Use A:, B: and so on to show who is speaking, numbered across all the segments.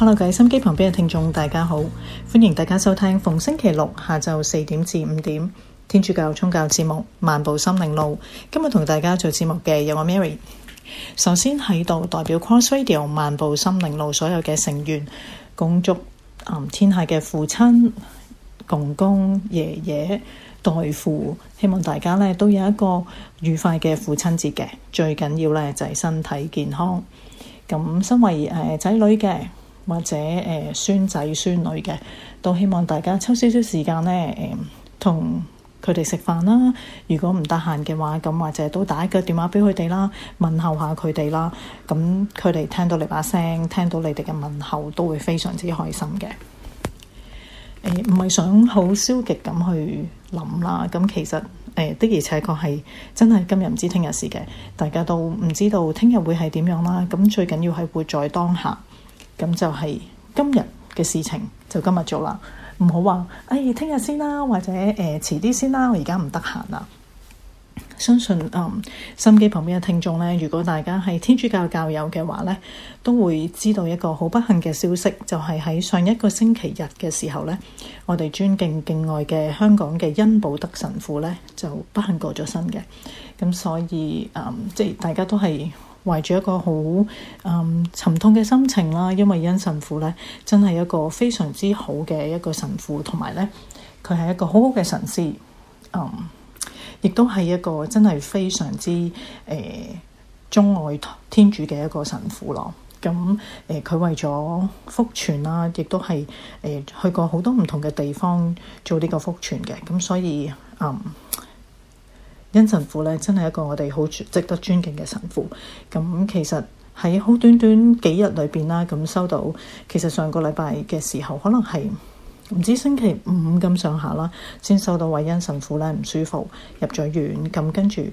A: hello，各位心機旁邊嘅聽眾，大家好，歡迎大家收聽逢星期六下晝四點至五點天主教宗教節目《漫步心靈路》。今日同大家做節目嘅有我 Mary。首先喺度代表 Cross Radio《漫步心靈路》所有嘅成員，恭祝、嗯、天下嘅父親、公公、爺爺、代父，希望大家呢都有一個愉快嘅父親節嘅。最緊要呢就係身體健康。咁身為誒仔女嘅。或者誒、呃、孫仔孫女嘅，都希望大家抽少少時間呢，誒、呃，同佢哋食飯啦。如果唔得閒嘅話，咁或者都打一個電話俾佢哋啦，問候下佢哋啦。咁佢哋聽到你把聲，聽到你哋嘅問候，都會非常之開心嘅。誒唔係想好消極咁去諗啦。咁、嗯、其實誒、呃、的而且確係真係今日唔知聽日事嘅，大家都唔知道聽日會係點樣啦。咁、嗯、最緊要係活在當下。咁就係今日嘅事情就今日做啦，唔好話哎聽日先啦，或者誒遲啲先啦，我而家唔得閒啦。相信誒、嗯、心機旁邊嘅聽眾呢，如果大家係天主教教友嘅話呢，都會知道一個好不幸嘅消息，就係、是、喺上一個星期日嘅時候呢，我哋尊敬敬愛嘅香港嘅恩保德神父呢，就不幸過咗身嘅。咁所以、嗯、即係大家都係。懷住一個好嗯沉痛嘅心情啦，因為恩神父咧真係一個非常之好嘅一個神父，同埋咧佢係一個好好嘅神師，嗯，亦都係一個真係非常之誒鍾、呃、愛天主嘅一個神父咯。咁、嗯、誒，佢、呃、為咗福傳啦，亦都係誒、呃、去過好多唔同嘅地方做呢個福傳嘅。咁、嗯、所以嗯。恩神父咧，真係一個我哋好值得尊敬嘅神父。咁其實喺好短短幾日裏邊啦，咁收到，其實上個禮拜嘅時候，可能係唔知星期五咁上下啦，先收到偉恩神父咧唔舒服，入咗院。咁跟住誒，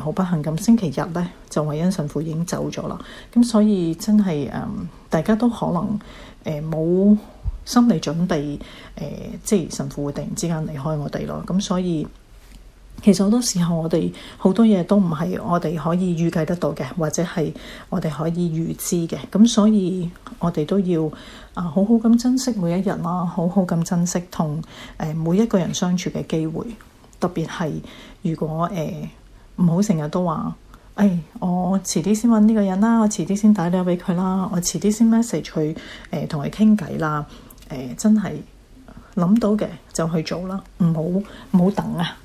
A: 好、呃、不幸咁，星期日咧就偉恩神父已經走咗啦。咁所以真係誒、呃，大家都可能誒冇、呃、心理準備，誒、呃、即係神父會突然之間離開我哋咯。咁所以。其實好多時候，我哋好多嘢都唔係我哋可以預計得到嘅，或者係我哋可以預知嘅。咁所以我哋都要啊，好好咁珍惜每一日啦，好好咁珍惜同誒每一個人相處嘅機會。特別係如果誒唔好成日都話，誒、哎、我遲啲先搵呢個人啦，我遲啲先打電話俾佢啦，我遲啲先 message 佢誒同佢傾偈啦。誒、呃呃、真係諗到嘅就去做啦，唔好唔好等啊！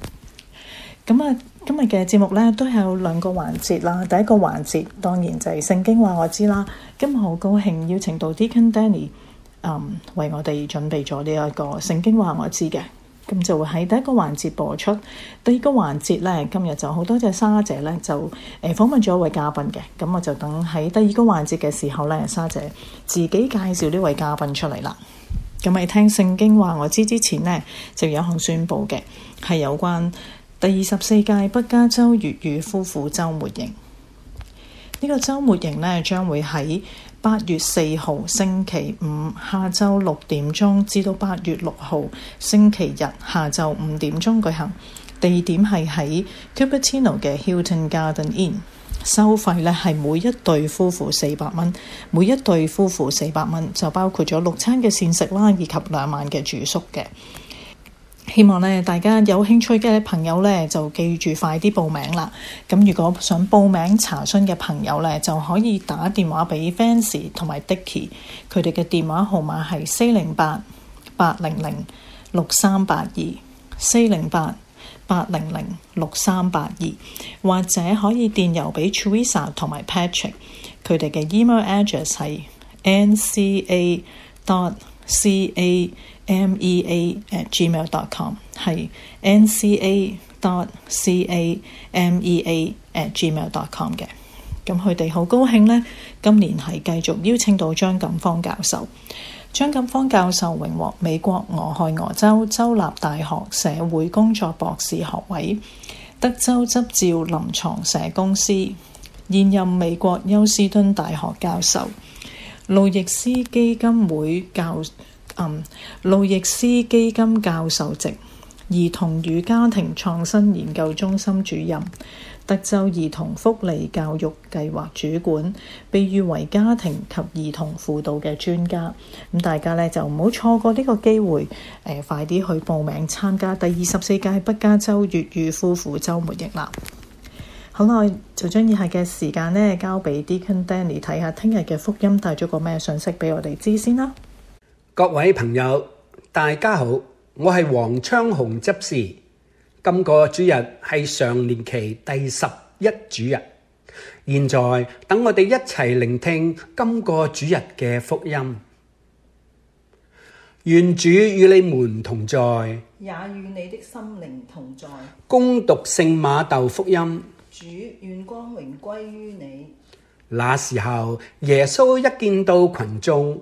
A: 咁啊，今日嘅節目咧都有兩個環節啦。第一個環節當然就係《聖經話我知》啦。今日好高興邀請到 Deacon Danny，嗯，為我哋準備咗呢一個《聖經話我知》嘅，嗯。咁就會喺第一個環節播出。第二個環節呢，今日就好多謝莎姐呢，就誒、呃、訪問咗一位嘉賓嘅。咁、嗯、我就等喺第二個環節嘅時候呢，莎姐自己介紹呢位嘉賓出嚟啦。咁、嗯、喺聽《聖經話我知》之前呢，就有一項宣布嘅係有關。第二十四屆北加州粵語夫婦週末營，呢、這個週末營咧將會喺八月四號星期五下晝六點鐘至到八月六號星期日下晝五點鐘舉行，地點係喺 Cupertino 嘅 Hilton Garden Inn，收費咧係每一對夫婦四百蚊，每一對夫婦四百蚊就包括咗六餐嘅膳食啦，以及兩晚嘅住宿嘅。希望咧大家有興趣嘅朋友咧就記住快啲報名啦！咁如果想報名查詢嘅朋友咧，就可以打電話俾 Fancy 同埋 Dicky，佢哋嘅電話號碼係四零八八零零六三八二四零八八零零六三八二，2, 2, 或者可以電郵俾 Teresa 同埋 Patrick，佢哋嘅 email address 係 nca dot ca, ca.。m.e.a at gmail dot com 係 n.c.a dot c.a.m.e.a at gmail dot com 嘅，咁佢哋好高興呢。今年係繼續邀請到張錦芳教授。張錦芳教授榮獲美國俄亥俄州州立大學社會工作博士學位，德州執照臨床社公司，現任美國休斯敦大學教授，路易斯基金會教。嗯、路易斯基金教授席、兒童與家庭創新研究中心主任、德州兒童福利教育計劃主管，被譽為家庭及兒童輔導嘅專家。咁大家呢就唔好錯過呢個機會，呃、快啲去報名參加第二十四屆北加州粵語夫婦週末營啦！好啦，就將以下嘅時間呢交俾 Deacon Danny 睇下，聽日嘅福音帶咗個咩信息畀我哋知先啦。
B: 各位朋友，大家好，我係黃昌紅執事。今個主日係常年期第十一主日，現在等我哋一齊聆聽今個主日嘅福音。願主與你們同在，
A: 也與你的心靈同在。
B: 恭讀聖馬竇福音。
A: 主願光榮歸於你。
B: 那時候，耶穌一見到群眾。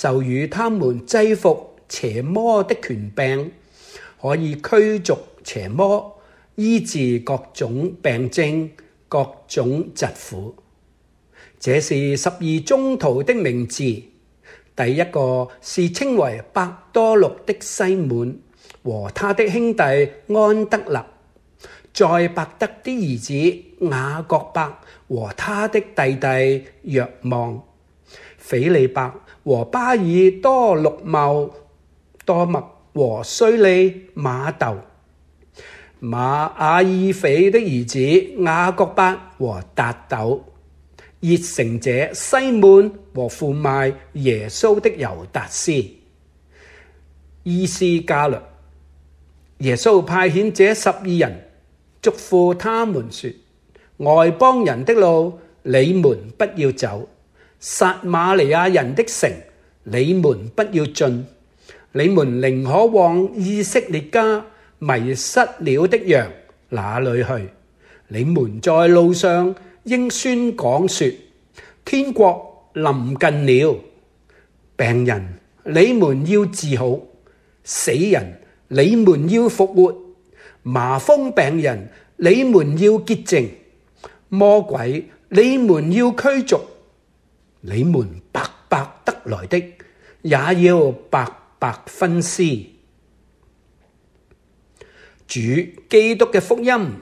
B: 授予他們制服邪魔的權柄，可以驅逐邪魔，醫治各種病症、各種疾苦。這是十二宗徒的名字。第一個是稱為伯多祿的西滿和他的兄弟安德肋，載伯德的兒子雅各伯和他的弟弟若望、斐理伯。和巴爾多祿茂，多默和雖利馬竇馬，亞爾斐的兒子雅各伯和達竇，熱誠者西滿和富邁耶穌的猶達斯伊斯加略。耶穌派遣這十二人，囑咐他們說：外邦人的路，你們不要走。撒瑪利亞人的城，你們不要進，你們寧可往以色列家迷失了的羊那裏去。你們在路上應宣講說：天國臨近了。病人，你們要治好；死人，你們要復活；麻風病人，你們要潔淨；魔鬼，你們要驅逐。你們白白得來的，也要白白分施。主基督嘅福音，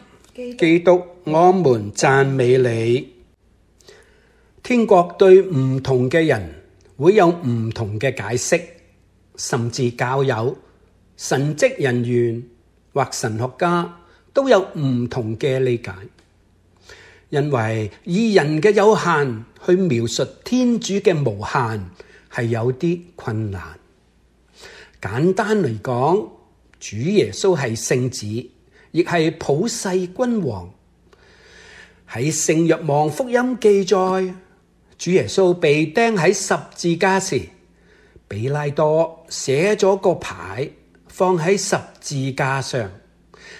B: 基督，我們讚美你。天國對唔同嘅人會有唔同嘅解釋，甚至教友、神職人員或神學家都有唔同嘅理解。因為以人嘅有限去描述天主嘅無限係有啲困難。簡單嚟講，主耶穌係聖子，亦係普世君王。喺聖若望福音記載，主耶穌被釘喺十字架時，比拉多寫咗個牌放喺十字架上，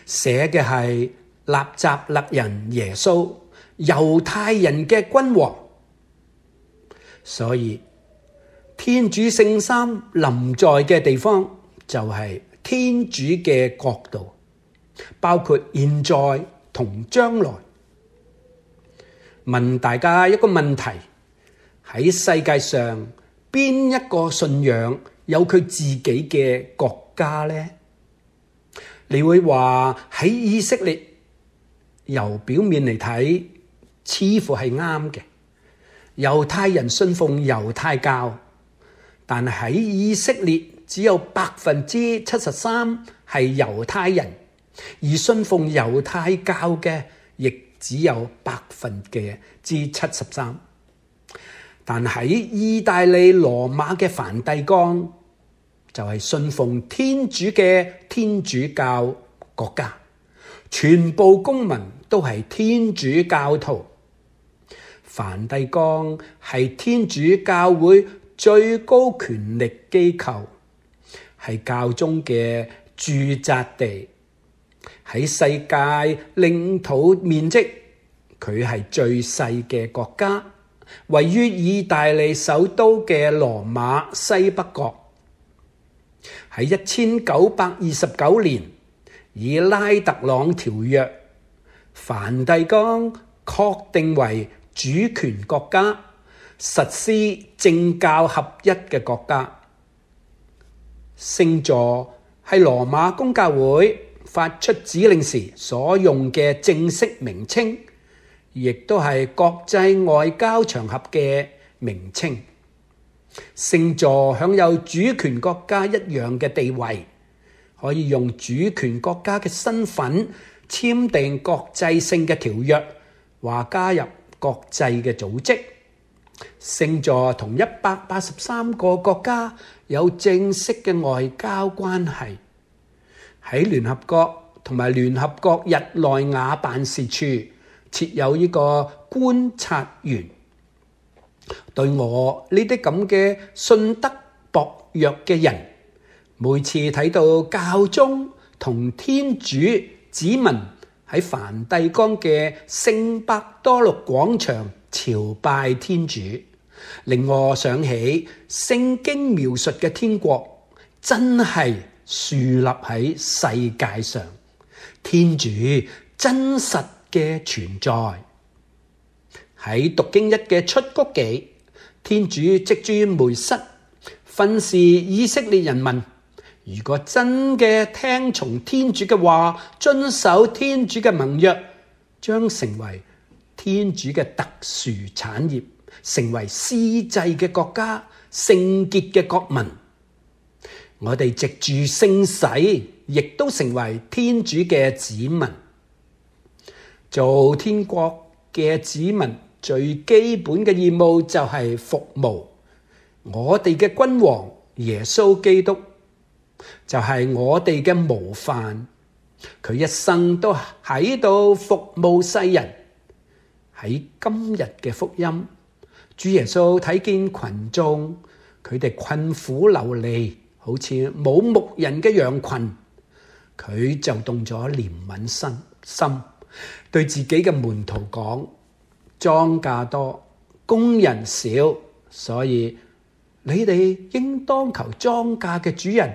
B: 寫嘅係納匝勒人耶穌。猶太人嘅君王，所以天主聖三臨在嘅地方就係、是、天主嘅國度，包括現在同將來。問大家一個問題：喺世界上邊一個信仰有佢自己嘅國家呢？你會話喺以色列？由表面嚟睇。似乎係啱嘅。猶太人信奉猶太教，但喺以色列只有百分之七十三係猶太人，而信奉猶太教嘅亦只有百分之七十三。但喺意大利羅馬嘅梵蒂岡就係信奉天主嘅天主教國家，全部公民都係天主教徒。梵蒂岡係天主教會最高權力機構，係教宗嘅駐紮地。喺世界領土面積，佢係最細嘅國家，位於意大利首都嘅羅馬西北角。喺一千九百二十九年，以拉特朗條約，梵蒂岡確定為主權國家實施政教合一嘅國家，聖座係羅馬公教會發出指令時所用嘅正式名稱，亦都係國際外交場合嘅名稱。聖座享有主權國家一樣嘅地位，可以用主權國家嘅身份簽訂國際性嘅條約，話加入。國際嘅組織，聖座同一百八十三個國家有正式嘅外交關係，喺聯合國同埋聯合國日內瓦辦事處設有呢個觀察員。對我呢啲咁嘅信德薄弱嘅人，每次睇到教宗同天主子民。喺梵蒂岡嘅聖伯多祿廣場朝拜天主，令我想起聖經描述嘅天國，真係樹立喺世界上，天主真實嘅存在。喺讀經一嘅出谷記，天主藉著梅瑟訓示以色列人民。如果真嘅聽從天主嘅話，遵守天主嘅盟約，將成為天主嘅特殊產業，成為司祭嘅國家，聖潔嘅國民。我哋藉住聖洗，亦都成為天主嘅子民，做天國嘅子民。最基本嘅義務就係服務我哋嘅君王耶穌基督。就係我哋嘅模範，佢一生都喺度服務世人。喺今日嘅福音，主耶穌睇見群眾，佢哋困苦流離，好似冇牧人嘅羊群，佢就動咗憐憫心心，對自己嘅門徒講：莊稼多，工人少，所以你哋應當求莊稼嘅主人，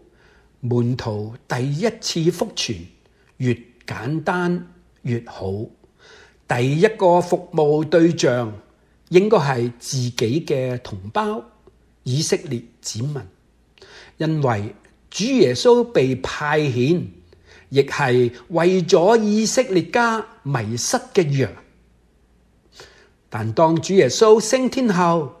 B: 門徒第一次復傳，越簡單越好。第一個服務對象應該係自己嘅同胞，以色列子民，因為主耶穌被派遣，亦係為咗以色列家迷失嘅羊。但當主耶穌升天後，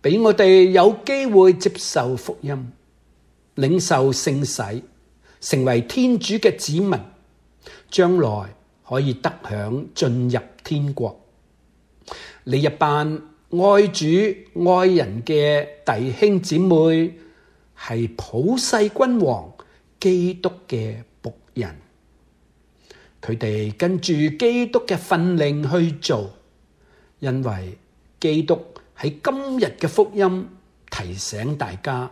B: 畀我哋有機會接受福音、領受聖洗，成為天主嘅子民，將來可以得享進入天國。呢一班愛主愛人嘅弟兄姊妹，係普世君王基督嘅僕人，佢哋跟住基督嘅訓令去做，因為基督。喺今日嘅福音提醒大家，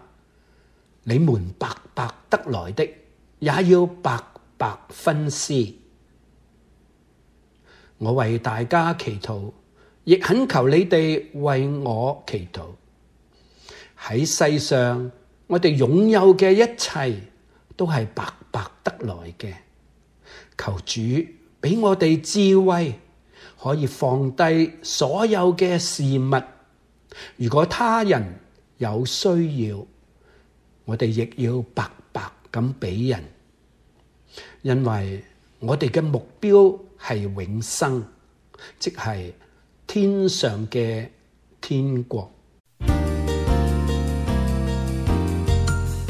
B: 你們白白得來的，也要白白分施。我為大家祈禱，亦懇求你哋為我祈禱。喺世上，我哋擁有嘅一切都係白白得來嘅。求主畀我哋智慧，可以放低所有嘅事物。如果他人有需要，我哋亦要白白咁俾人，因為我哋嘅目標係永生，即係天上嘅天國。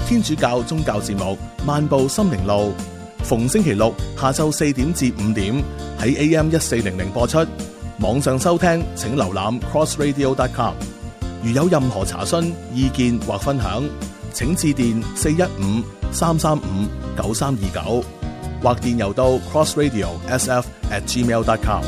B: 天主教宗教節目《漫步心
A: 靈路》，逢星期六下晝四點至五點喺 AM 一四零零播出，網上收聽請瀏覽 crossradio.com。如有任何查詢、意見或分享，請致電四一五三三五九三二九，29，或電郵到 crossradio_sf@gmail.com。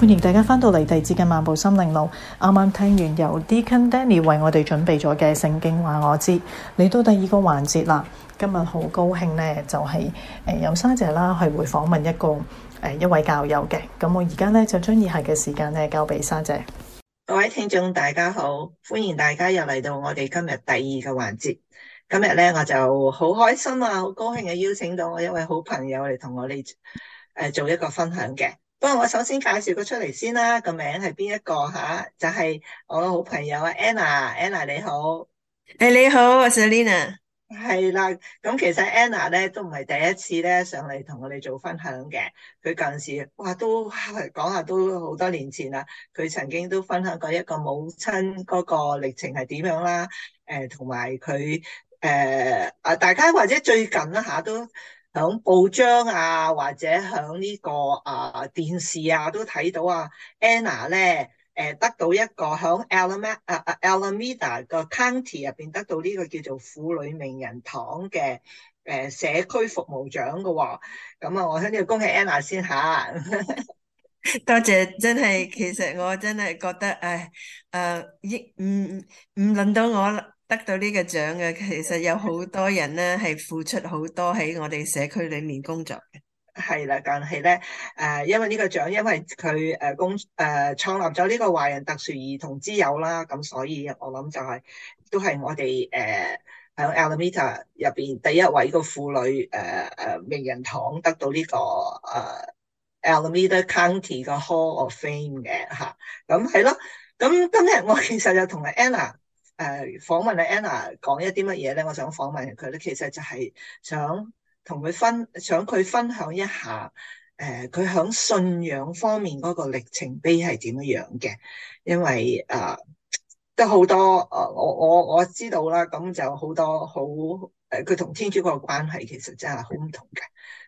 A: 歡迎大家翻到嚟，地接嘅漫步心靈路，啱啱聽完由 Deacon Danny 為我哋準備咗嘅聖經話我知，嚟到第二個環節啦。今日好高興咧，就係誒有三姐啦，係會訪問一個誒一位教友嘅。咁我而家咧就將以下嘅時間咧交俾三姐。
C: 各位聽眾大家好，歡迎大家又嚟到我哋今日第二個環節。今日咧我就好開心啊，好高興嘅邀請到我一位好朋友嚟同我哋誒做一個分享嘅。不過我首先介紹佢出嚟先啦，個名係邊一個嚇？就係、是、我嘅好朋友啊 Anna，Anna，Anna 你好，
D: 誒、hey，你好我，Selina
C: 係啦，咁其實 Anna 咧都唔係第一次咧上嚟同我哋做分享嘅。佢近時哇都係講下都好多年前啦，佢曾經都分享過一個母親嗰個歷程係點樣啦。誒、呃，同埋佢誒啊，大家或者最近一下都響報章啊，或者響呢、這個啊、呃、電視啊都睇到啊，Anna 咧。誒，得到一個響 Alameda 個 county 入邊得到呢個叫做婦女名人堂嘅誒社區服務獎嘅，咁啊，我喺呢度恭喜 Anna 先吓， 多謝，真係，其實我真係覺得，誒，誒、呃，
D: 依唔唔輪到我得到呢個獎嘅，其實有好多人咧係
C: 付出好多喺我哋社區裏面工作嘅。係啦，但係咧，誒、呃，因為呢個獎，因為佢誒公誒創立咗呢個華人特殊兒童之友啦，咁所以我諗就係、是、都係我哋誒喺、呃、Alameda 入邊第一位個婦女誒誒名人堂得到呢、這個誒、呃、Alameda County 個 Hall of Fame 嘅吓，咁係咯，咁、嗯、今日我其實就同阿 Anna 誒、呃、訪問阿 Anna 講一啲乜嘢咧，我想訪問佢咧，其實就係想。同佢分想佢分享一下，誒、呃，佢響信仰方面嗰個歷程碑係點樣樣嘅？因為誒、呃、都好多，呃、我我我知道啦。咁就好多好誒，佢、呃、同天主嗰個關係其實真係好唔同嘅。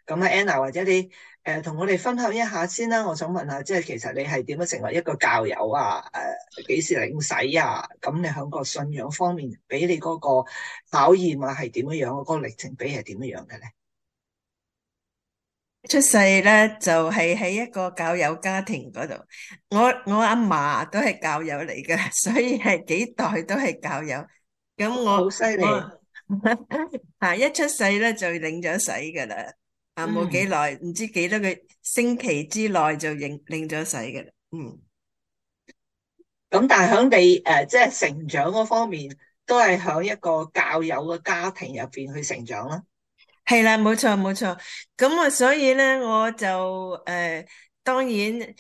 C: 咁啊，Anna 或者你誒，同、呃、我哋分享一下先啦。我想問下，即係其實你係點樣成為一個教友啊？誒、呃，幾時領洗啊？咁你響個信仰方面俾你嗰個考驗啊，係點樣樣？嗰、那個歷程碑係點樣嘅咧？那個
D: 出世咧就係喺一個教友家庭嗰度，我我阿嫲都係教友嚟噶，所以係幾代都係教友。咁我好犀利吓，一出世咧就領咗洗噶啦，啊冇幾耐，唔知幾多個星期之
C: 內就領咗洗噶啦。
A: 嗯，
C: 咁但係喺你誒，即係成長嗰方面，都係喺一個教友嘅家庭入邊去成長啦。係啦，冇錯
D: 冇錯，咁啊，所以咧，我就誒、呃，當然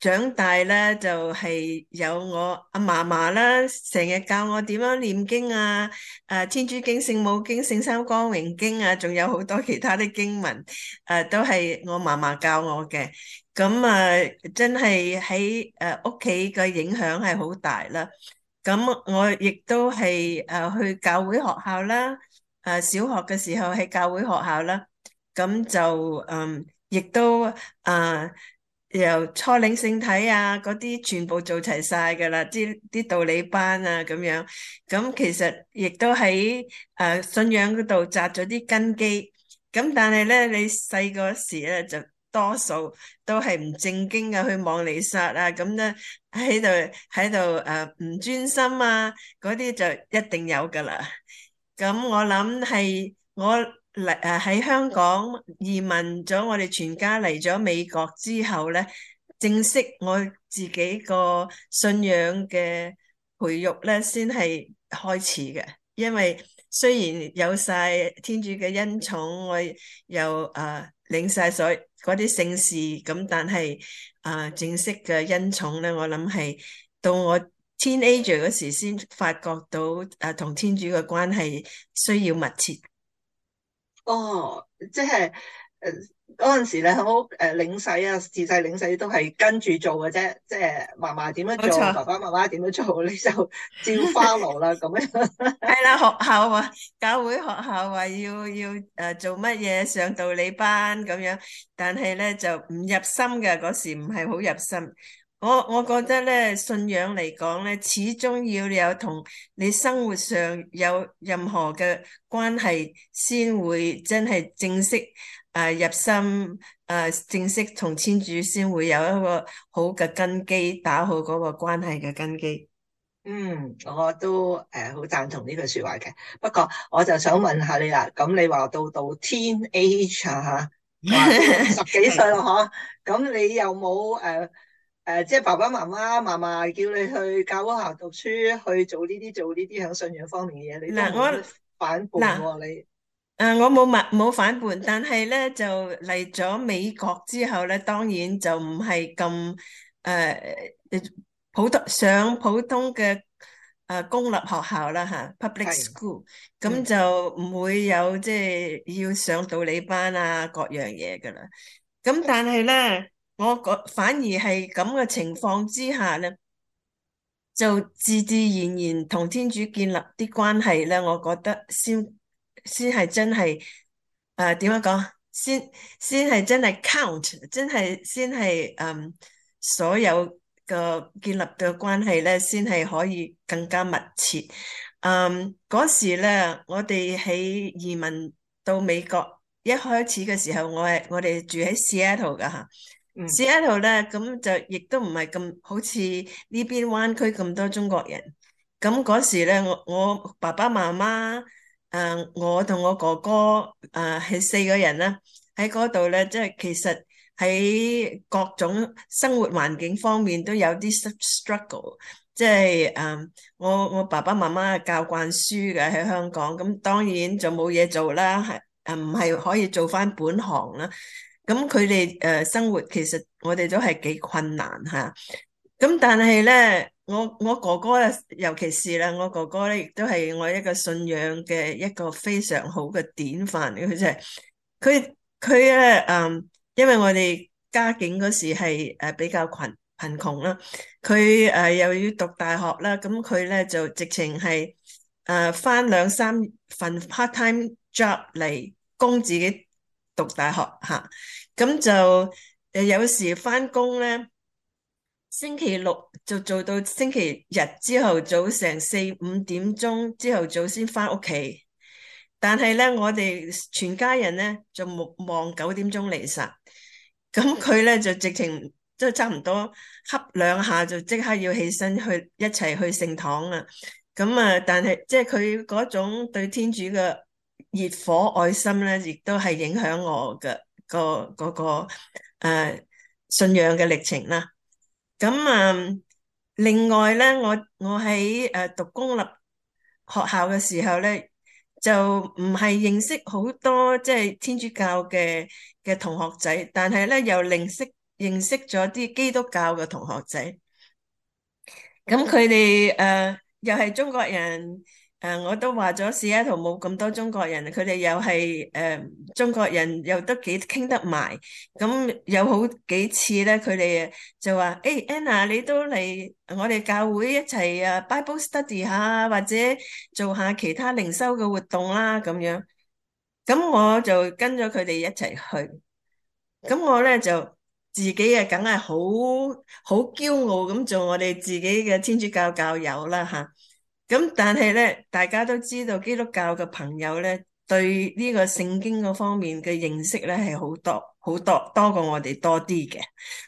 D: 長大咧，就係、是、有我阿嫲嫲啦，成日教我點樣念經啊，誒、啊《天主經》《聖母經》《聖三光榮經》啊，仲有好多其他的經文，誒、啊，都係我嫲嫲教我嘅，咁啊，真係喺誒屋企個影響係好大啦，咁我亦都係誒去教會學校啦。誒，小學嘅時候喺教會學校啦，咁就嗯，亦都誒、嗯、由初領聖體啊，嗰啲全部做齊晒噶啦，啲啲道理班啊咁樣，咁其實亦都喺誒、啊、信仰嗰度紮咗啲根基，咁但係咧你細個時咧就多數都係唔正經啊，去望彌撒啊，咁咧喺度喺度誒唔專心啊，嗰啲就一定有噶啦。咁我諗係我嚟啊，喺香港移民咗，我哋全家嚟咗美國之後咧，正式我自己個信仰嘅培育咧，先係開始嘅。因為雖然有晒天主嘅恩寵，我又啊領晒所有嗰啲聖事咁，但係啊正式嘅恩寵咧，我諗係到我。teenager 嗰時先發覺到誒，同天主嘅關係需要密切。
C: 哦，即係誒，陣時咧，我誒、呃、領洗啊，自細領洗都係跟住做嘅啫，即係媽媽點樣做，錯爸爸媽媽點樣做，你就照 follow 啦咁
D: 樣。係 啦，學校啊，教會學校話要要誒做乜嘢，上道理班咁樣。但係咧就唔入心嘅時，唔係好入心。我我覺得咧，信仰嚟講咧，始終要有同你生活上有任何嘅關係，先會真係正式誒入心誒，正式同天主先會有一個好嘅根基，打好嗰個關係嘅根基。
C: 嗯，我都誒好贊同呢句說話嘅。不過我就想問下你啦，咁你話到到 teenage，吓十幾歲咯嗬？咁、啊、你有冇誒？Uh, 誒，即係爸爸媽媽嫲嫲叫你去教屋校讀書，去做呢啲做呢啲響信仰方面嘅
D: 嘢，你都冇反叛喎，啊？你誒，我冇冇反叛， 但係咧就嚟咗美國之後咧，當然就唔係咁誒普通上普通嘅誒公立學校啦吓，public school，咁的就唔會有即係、就是、要上道理班啊，各樣嘢噶啦，咁但係咧。我覺反而係咁嘅情況之下咧，就自自然然同天主建立啲關係咧。我覺得先先係真係，誒，點樣講？先先係、呃、先係真係 count，真係先係，嗯、呃，所有嘅建立嘅關係咧，先係可以更加密切。嗯、呃，嗰時咧，我哋喺移民到美國一開始嘅時候，我係我哋住喺 Seattle 噶吓。住喺度咧，咁、嗯、就亦都唔係咁好似呢邊灣區咁多中國人。咁嗰時咧，我我爸爸媽媽，誒、呃、我同我哥哥，誒、呃、係四個人啦，喺嗰度咧，即係其實喺各種生活環境方面都有啲 struggle，即係誒、呃、我我爸爸媽媽教慣書嘅喺香港，咁當然就冇嘢做啦，係誒唔係可以做翻本行啦。咁佢哋誒生活其實我哋都係幾困難吓、啊。咁但係咧，我我哥哥尤其是啦，我哥哥咧亦都係我一個信仰嘅一個非常好嘅典範嘅，佢就係、是，佢佢咧嗯，因為我哋家境嗰時係誒比較貧貧窮啦，佢誒又要讀大學啦，咁佢咧就直情係誒返兩三份 part time job 嚟供自己。讀大學吓，咁、啊、就誒有時翻工咧，星期六就做到星期日之後早上四五點鐘之後早先翻屋企，但係咧我哋全家人咧就望望九點鐘彌撒，咁佢咧就直情即係差唔多恰兩下就即刻要起身去一齊去聖堂啊，咁啊但係即係佢嗰種對天主嘅。熱火愛心咧，亦都係影響我嘅個嗰個誒信仰嘅歷程啦。咁啊，另外咧，我我喺誒讀公立學校嘅時候咧，就唔係認識好多即係天主教嘅嘅同學仔，但係咧又認識認識咗啲基督教嘅同學仔。咁佢哋誒又係中國人。誒，我都話咗 Seattle 冇咁多中國人，佢哋又係誒、呃、中國人，又都幾傾得埋。咁有好幾次咧，佢哋就話：誒、hey,，Anna，你都嚟我哋教會一齊啊，Bible study 下，或者做下其他靈修嘅活動啦，咁樣。咁我就跟咗佢哋一齊去。咁我咧就自己啊，梗係好好驕傲咁做我哋自己嘅天主教教友啦，吓、啊。咁但係咧，大家都知道基督教嘅朋友咧，對呢個聖經嗰方面嘅認識咧，係好多好多多過我哋多啲嘅。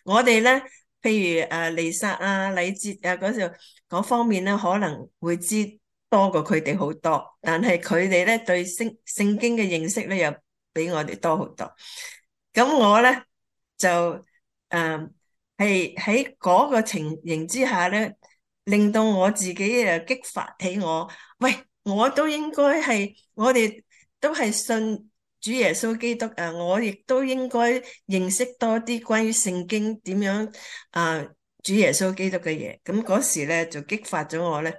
D: 我哋咧，譬如，誒利撒啊、禮節啊嗰時嗰方面咧，可能會知多過佢哋好多。但係佢哋咧，對聖聖經嘅認識咧，又比我哋多好多。咁我咧就誒係喺嗰個情形之下咧。令到我自己誒激發起我，喂，我都應該係，我哋都係信主耶穌基督誒，我亦都應該認識多啲關於聖經點樣啊，主耶穌基督嘅嘢。咁、嗯、嗰時咧就激發咗我咧，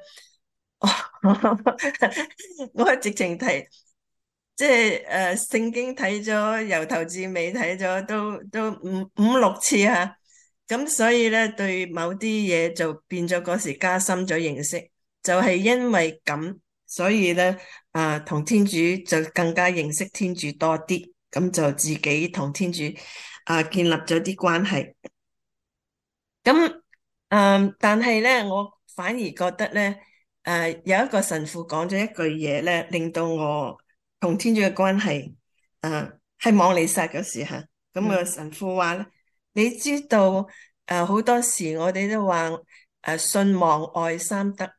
D: 哦、 我係直情睇，即係誒、呃、聖經睇咗由頭至尾睇咗都都五五六次吓、啊。咁所以咧，對某啲嘢，就變咗嗰時加深咗認識，就係因為咁，所以咧，啊，同天主就更加認識天主多啲，咁就自己同天主啊、呃、建立咗啲關係。咁，嗯，但係咧，我反而覺得咧，誒，有一個神父講咗一句嘢咧，令到我同天主嘅關係，啊，喺望彌撒嗰時候，咁個神父話咧。你知道誒，啊，好多時我哋都話誒、啊，信望愛三德。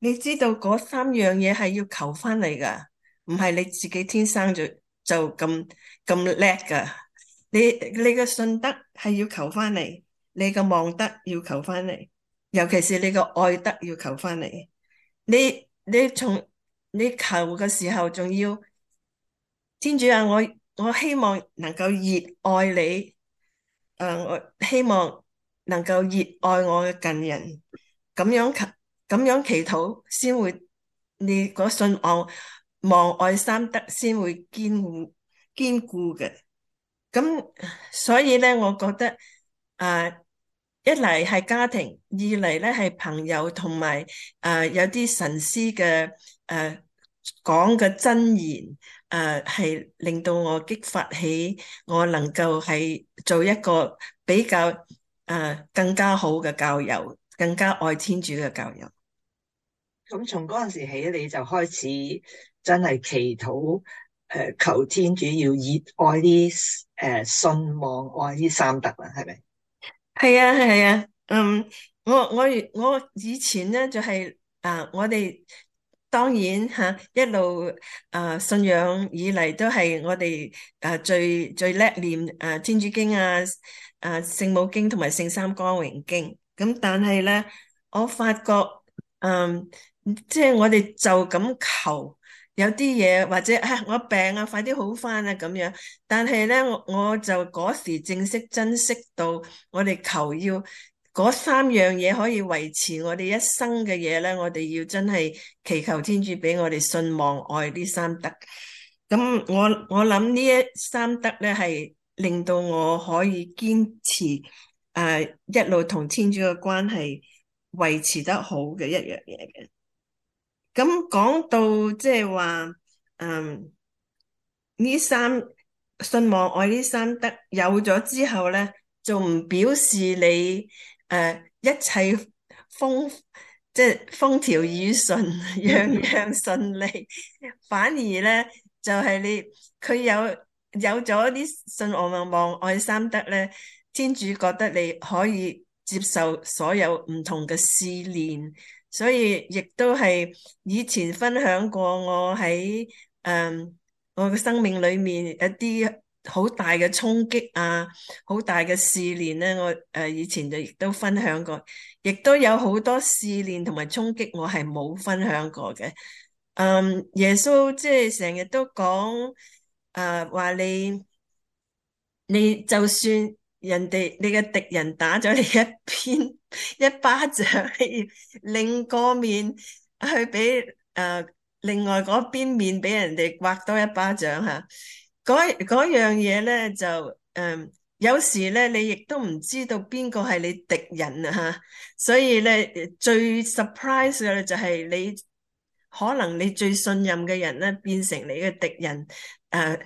D: 你知道嗰三樣嘢係要求翻嚟噶唔係你自己天生就就咁咁叻噶你你個信德係要求翻嚟，你個望德要求翻嚟，尤其是你個愛德要求翻嚟。你你從你求嘅時候，仲要天主啊，我我希望能夠熱愛你。誒，我希望能夠熱愛我嘅近人，咁樣，咁樣祈咁樣祈禱，先會你嗰信望望愛三德先會堅固堅固嘅。咁所以咧，我覺得誒、啊，一嚟係家庭，二嚟咧係朋友，同埋誒有啲、啊、神師嘅誒講嘅真言。誒，係、uh, 令到我激發起我能夠係做一個比較誒、uh, 更加好嘅教友，更加愛天主嘅教友。
C: 咁從嗰陣時起，你就開始真係祈禱誒、呃，求天主要以愛啲誒、呃、信望愛啲三德啦，係咪？
D: 係啊係啊，嗯，我我我以前咧就係、是、誒、啊、我哋。當然吓，一路啊信仰以嚟都係我哋啊最最叻念啊《天主經》啊啊《聖母經》同埋《聖三光榮經》。咁但係咧，我發覺嗯，即係我哋就咁求有，有啲嘢，或者啊、哎、我病啊，快啲好返啊咁樣。但係咧，我我就嗰時正式珍惜到，我哋求要。嗰三樣嘢可以維持我哋一生嘅嘢咧，我哋要真係祈求天主俾我哋信望愛呢三德。咁我我諗呢一三德咧，係令到我可以堅持誒、呃、一路同天主嘅關係維持得好嘅一樣嘢嘅。咁講到即係話，嗯呢三信望愛呢三德有咗之後咧，仲唔表示你。誒，uh, 一切風即係風調雨順，樣樣順利。 反而咧，就係、是、你佢有有咗啲信我，望望愛三德咧，天主覺得你可以接受所有唔同嘅試煉，所以亦都係以前分享過我，uh, 我喺誒我嘅生命裏面一啲。好大嘅衝擊啊！好大嘅試煉咧，我誒以前就亦都分享過，亦都有好多試煉同埋衝擊，我係冇分享過嘅。嗯，耶穌即係成日都講誒，話、啊、你你就算人哋你嘅敵人打咗你一邊一巴掌，要擰個面去俾誒、啊、另外嗰邊面俾人哋刮多一巴掌吓。嗰嗰樣嘢咧就誒、嗯、有時咧你亦都唔知道邊個係你敵人啊！吓，所以咧最 surprise 嘅咧，就係你。可能你最信任嘅人咧，變成你嘅敵人，誒、呃、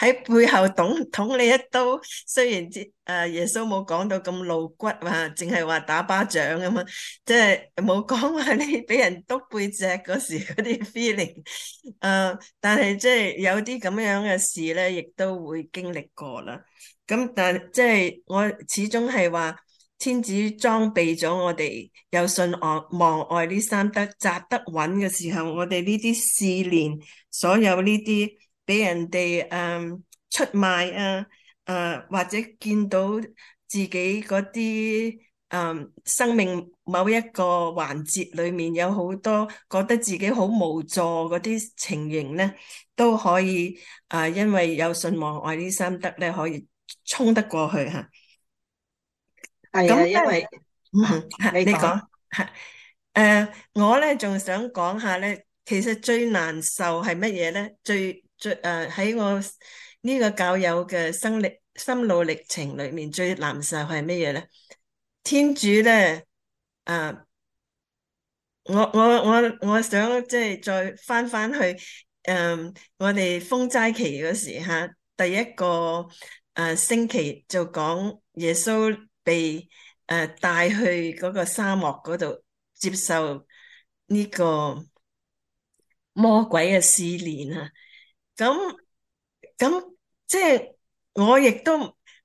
D: 喺背後捅捅你一刀。雖然之誒耶穌冇講到咁露骨啊，淨係話打巴掌咁，嘛、啊，即係冇講話你俾人督背脊嗰時嗰啲 feeling。誒，但係即係有啲咁樣嘅事咧，亦都會經歷過啦。咁但係即係我始終係話。天子裝備咗我哋有信望忘愛呢三德扎得穩嘅時候，我哋呢啲試練所有呢啲俾人哋誒出賣啊，誒或者見到自己嗰啲誒生命某一個環節裏面有好多覺得自己好無助嗰啲情形咧，都可以啊，因為有信望愛呢三德咧，可以衝得過去嚇。
A: 係咁，因為你講，
D: 誒說，uh, 我咧仲想講下咧，其實最難受係乜嘢咧？最最誒，喺、呃、我呢個教友嘅生歷、心路歷程裏面最難受係乜嘢咧？天主咧，誒、啊，我我我我想即係再翻翻去，誒、呃，我哋封齋期嗰時吓、啊，第一個誒、呃、星期就講耶穌。被誒帶去嗰個沙漠嗰度接受呢個魔鬼嘅試煉啊！咁咁即係我亦都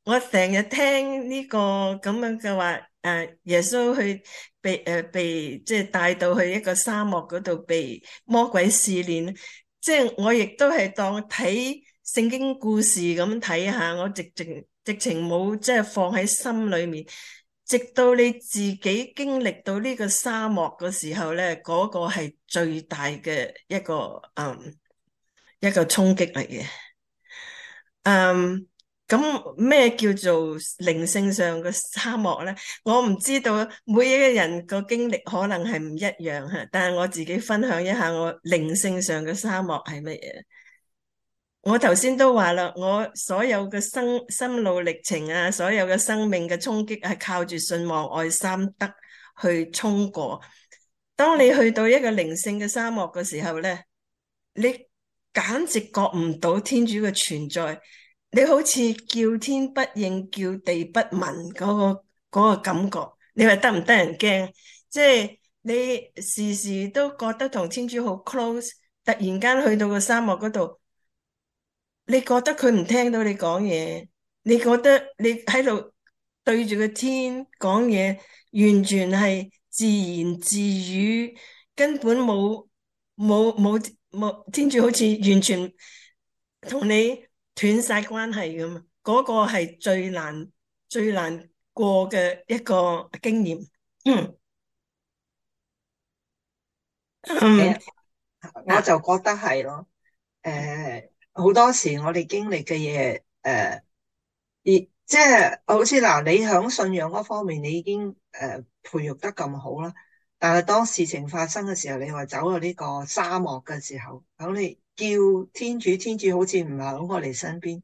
D: 我成日聽呢、這個咁樣嘅話誒，耶穌去被誒、呃、被即係帶到去一個沙漠嗰度被魔鬼試煉，即係我亦都係當睇聖經故事咁睇下，我直直。直情冇即係放喺心裏面，直到你自己經歷到呢個沙漠嘅時候咧，嗰、嗰個係最大嘅一個嗯一個衝擊嚟嘅。嗯，咁咩、嗯、叫做靈性上嘅沙漠咧？我唔知道，每一個人個經歷可能係唔一樣吓，但係我自己分享一下我靈性上嘅沙漠係乜嘢。我頭先都話啦，我所有嘅生心路歷程啊，所有嘅生命嘅衝擊係靠住信望愛三德去衝過。當你去到一個靈性嘅沙漠嘅時候咧，你簡直覺唔到天主嘅存在，你好似叫天不應叫地不聞嗰、嗰個、嗰個感覺。你話得唔得人驚？即、就、係、是、你時時都覺得同天主好 close，突然間去到個沙漠嗰度。你覺得佢唔聽到你講嘢，你覺得你喺度對住個天講嘢，完全係自言自語，根本冇冇冇冇天主，好似完全同你斷晒關係咁啊！嗰個係最難最難過嘅
C: 一個經驗。嗯，um，我就覺得係咯，誒、呃。好多時我哋經歷嘅嘢，誒、呃，而即係好似嗱，你響信仰嗰方面，你已經誒、呃、培育得咁好啦。但係當事情發生嘅時候，你話走到呢個沙漠嘅時候，咁你叫天主，天主好似唔響我哋身邊，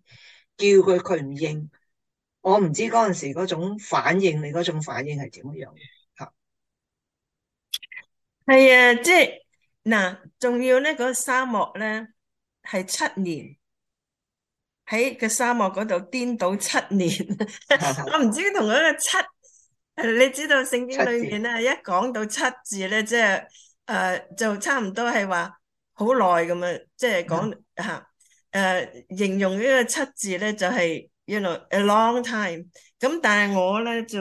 C: 叫佢佢唔應，我唔知嗰陣時嗰種反應，你嗰種反應係點樣嘅吓？係啊，啊，即係
D: 嗱，仲要呢個沙漠咧。係七年喺個沙漠嗰度顛倒七年， 我唔知同嗰個七，你知道聖經裏面咧字一講到七字咧，即係誒就差唔多係話好耐咁啊！即係講吓誒，形容呢個七字咧就係 you know, a long time。咁但係我咧就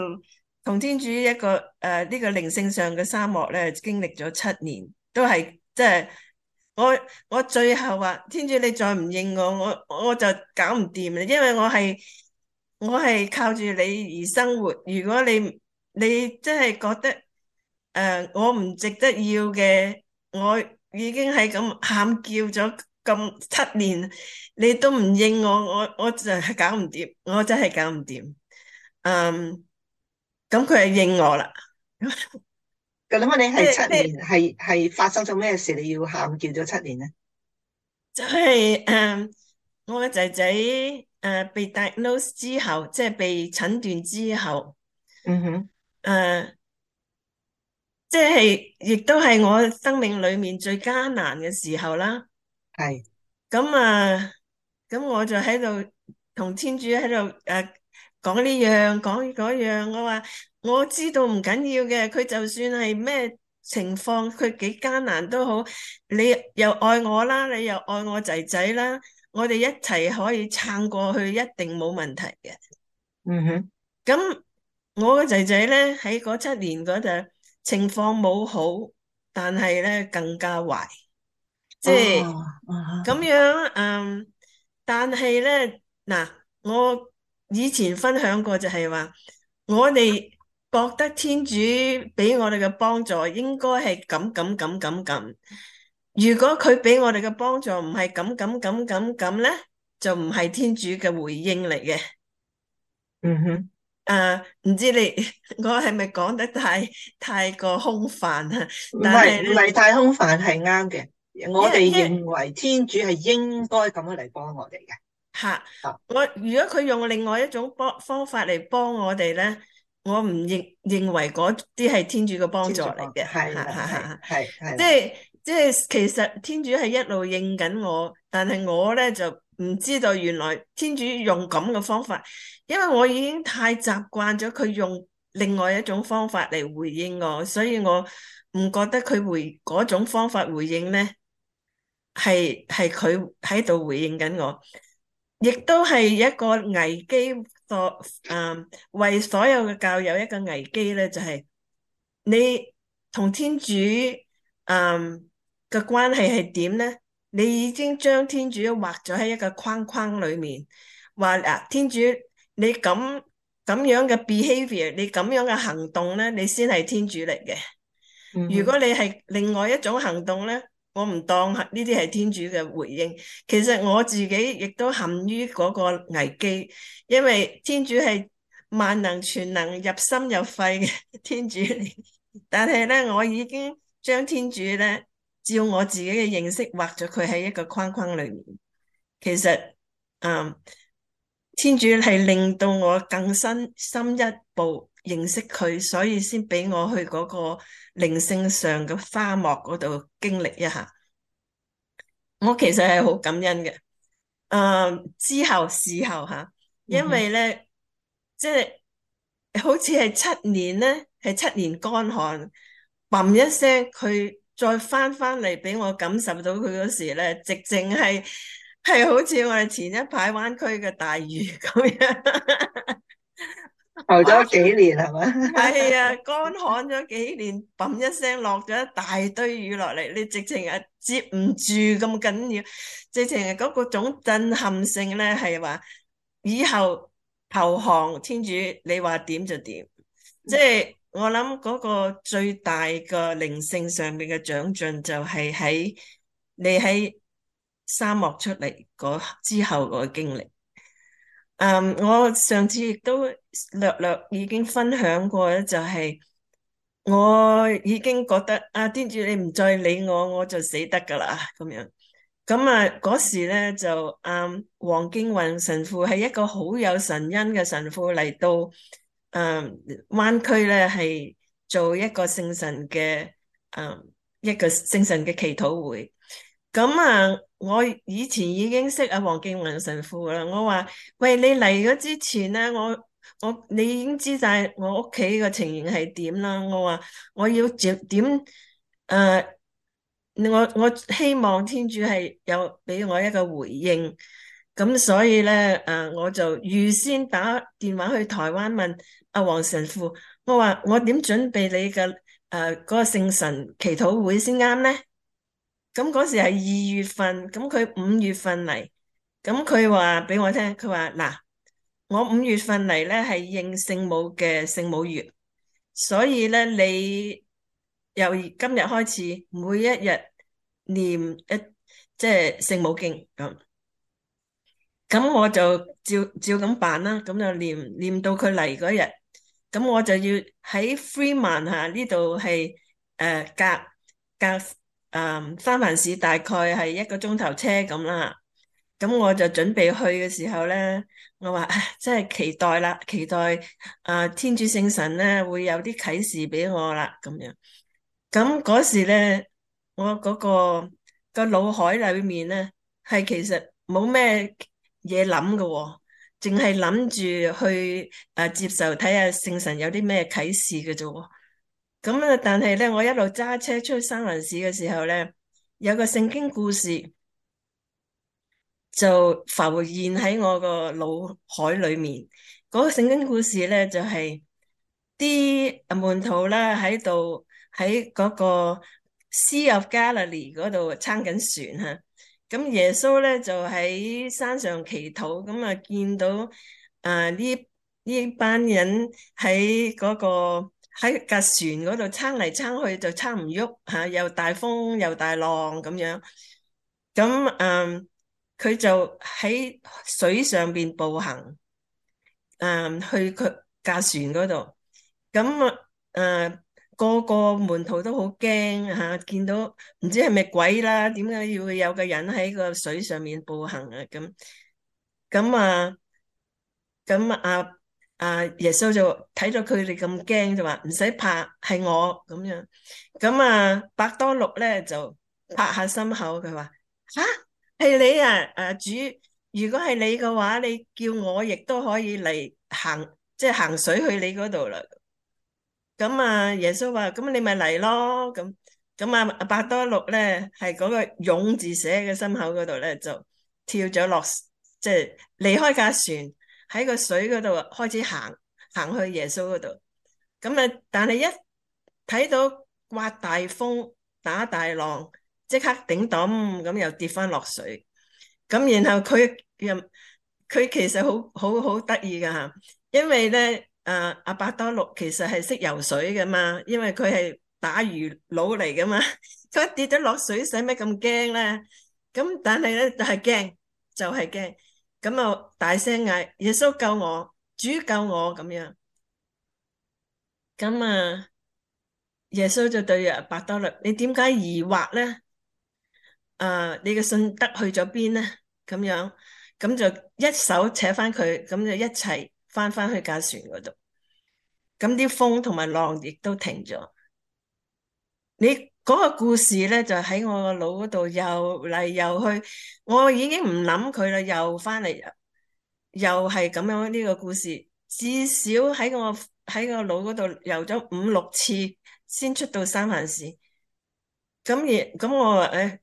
D: 同天主一個誒呢、呃這個靈性上嘅沙漠咧，經歷咗七年，都係即係。就是就是我我最後話：天主，你再唔應我，我我就搞唔掂啦。因為我係我係靠住你而生活。如果你你真係覺得誒、呃，我唔值得要嘅，我已經係咁喊叫咗咁七年，你都唔應我，我我就係搞唔掂，我真係搞唔掂。嗯，
C: 咁佢係應我啦。諗下你係七年係係發生咗咩事，你要喊叫咗七年咧？就
D: 係、是、誒，uh, 我嘅仔仔誒被 diagnose 之後，即、就、係、是、被診斷之後，嗯哼、mm，誒，即係亦都係我生命裏面最艱難嘅時候啦。係、mm。咁、hmm. 啊、uh,，咁、mm hmm. uh, 我就喺度同天主喺度誒講呢樣講嗰樣噶嘛。我話我知道唔緊要嘅，佢就算係咩情況，佢幾艱難都好，你又愛我啦，你又愛我仔仔啦，我哋一齊可以撐過去，一定冇問題嘅。
C: 嗯
D: 哼，咁我個仔仔咧喺嗰七年嗰陣情況冇好，但係咧更加壞，即係咁樣。嗯，但係咧嗱，我以前分享過就係話，我哋。覺得天主俾我哋嘅幫助應該係咁咁咁咁咁。如果佢俾我哋嘅幫助唔係咁咁咁咁咁咧，就唔係天主嘅回應嚟嘅。
C: 嗯
D: 哼。誒，唔知你我係咪講得太太過空泛啊？但係唔係
C: 太空泛，係啱嘅。我哋認
D: 為天主係應該咁樣嚟幫我哋嘅。吓，我如果佢用另外一種幫方法嚟幫我哋咧？我唔認認為嗰啲係天主嘅幫助嚟嘅，係係係，即係即係其實天主係一路應緊我，但係我咧就唔知道原來天主用咁嘅方法，因為我已經太習慣咗佢用另外一種方法嚟回應我，所以我唔覺得佢回嗰種方法回應咧係係佢喺度回應緊我，亦都係一個危機。所，嗯，為所有嘅教友一個危機咧，就係你同天主，嗯嘅關係係點咧？你已經將天主畫咗喺一個框框裏面，話啊天主，你咁咁樣嘅 behavior，你咁樣嘅行動咧，你先係天主嚟嘅。如果你係另外一種行動咧。我唔當呢啲係天主嘅回應，其實我自己亦都陷於嗰個危機，因為天主係萬能全能入心入肺嘅天主，嚟。 但係咧，我已經將天主咧照我自己嘅認識畫咗佢喺一個框框裏面。其實，嗯，天主係令到我更深深一步。認識佢，所以先俾我去嗰個靈性上嘅沙漠嗰度經歷一下。我其實係好感恩嘅。誒、嗯，之後事後吓，
B: 因為
D: 咧，mm hmm. 即係好似係七年咧，係七年乾旱，嘣一聲，佢再翻翻嚟俾我感受到佢嗰時咧，直正係係好似我哋前一排灣區嘅大雨咁樣。
C: 候咗幾年係嘛？係 啊，
D: 乾旱咗幾年，砰一聲落咗一大堆雨落嚟，你直情係接唔住咁緊要，直情係嗰個種震撼性咧，係話以後投降天主，你話點就點。即、就、係、是、我諗嗰個最大嘅靈性上面嘅長進，就係喺你喺沙漠出嚟之後個經歷。嗯，um, 我上次亦都略略已經分享過咧，就係我已經覺得阿、啊、天主你唔再理我，我就死得噶啦咁樣。咁啊嗰時咧就啊黃、um, 經運神父係一個好有神恩嘅神父嚟到，嗯、um, 灣區咧係做一個聖神嘅嗯、um, 一個聖神嘅祈禱會。咁啊！我以前已經識阿黃敬雲神父啦。我話：喂，你嚟咗之前咧，我我你已經知晒我屋企個情形係點啦。我話我要接點誒、呃，我我希望天主係有俾我一個回應。咁所以咧誒、呃，我就預先打電話去台灣問阿黃神父，我話我點準備你嘅誒嗰個聖神祈禱會先啱咧？咁嗰時係二月份，咁佢五月份嚟，咁佢話俾我聽，佢話嗱，我五月份嚟咧係應聖母嘅聖母月，所以咧你由今日開始每一日念一即係聖母經咁，咁我就照照咁辦啦，咁就念念到佢嚟嗰日，咁我就要喺 Freeman、啊、下呢度係誒隔隔。嗯，三藩市大概係一個鐘頭車咁啦，咁我就準備去嘅時候咧，我話唉，真係期待啦，期待啊天主聖神咧會有啲啟示俾我啦，咁樣。咁嗰時咧，我嗰、個、個腦海裏面咧係其實冇咩嘢諗嘅，淨係諗住去啊接受睇下聖神有啲咩啟示嘅啫。咁咧，但係咧，我一路揸車出去三文市嘅時候咧，有個聖經故事就浮現喺我個腦海裏面。嗰、那個聖經故事咧，就係、是、啲門徒啦喺度喺嗰個 Sea of Galilee 嗰度撐緊船吓。咁耶穌咧就喺山上祈禱，咁啊見到啊呢呢班人喺嗰、那個。喺架船嗰度撐嚟撐去就撐唔喐，吓又大風又大浪咁樣。咁嗯，佢就喺水上邊步行，嗯去佢架船嗰度。咁啊，誒、嗯、個個門徒都好驚吓，見到唔知係咪鬼啦？點解要有個人喺個水上面步行啊？咁咁啊，咁啊啊！耶穌就睇到佢哋咁驚就話唔使怕，係我咁樣。咁啊，伯多祿咧就拍下心口，佢話吓係你啊！誒、啊，主，如果係你嘅話，你叫我亦都可以嚟行，即係行水去你嗰度啦。咁啊，耶穌話：，咁你咪嚟咯。咁咁啊，伯多祿咧係嗰個勇字寫嘅心口嗰度咧，就跳咗落，即係離開架船。喺個水嗰度開始行，行去耶穌嗰度，咁啊，但係一睇到颳大風打大浪，即刻頂抌咁又跌翻落水，咁然後佢又佢其實好好好得意噶吓，因為咧誒阿伯多祿其實係識游水噶嘛，因為佢係打魚佬嚟噶嘛，佢 跌咗落水使咩咁驚咧？咁但係咧就係驚，就係驚。咁啊，大聲嗌！耶穌救我，主救我，咁樣。咁啊，耶穌就對伯多祿：「你點解疑惑咧？誒，uh，你嘅信德去咗邊咧？咁樣，咁就一手扯翻佢，咁就一齊翻翻去架船嗰度。咁啲風同埋浪亦都停咗。你。嗰個故事咧就喺、是、我個腦嗰度又嚟又去，我已經唔諗佢啦，又翻嚟又係咁樣呢、這個故事，至少喺我喺個腦嗰度游咗五六次先出到三藩市。咁而咁我話誒、哎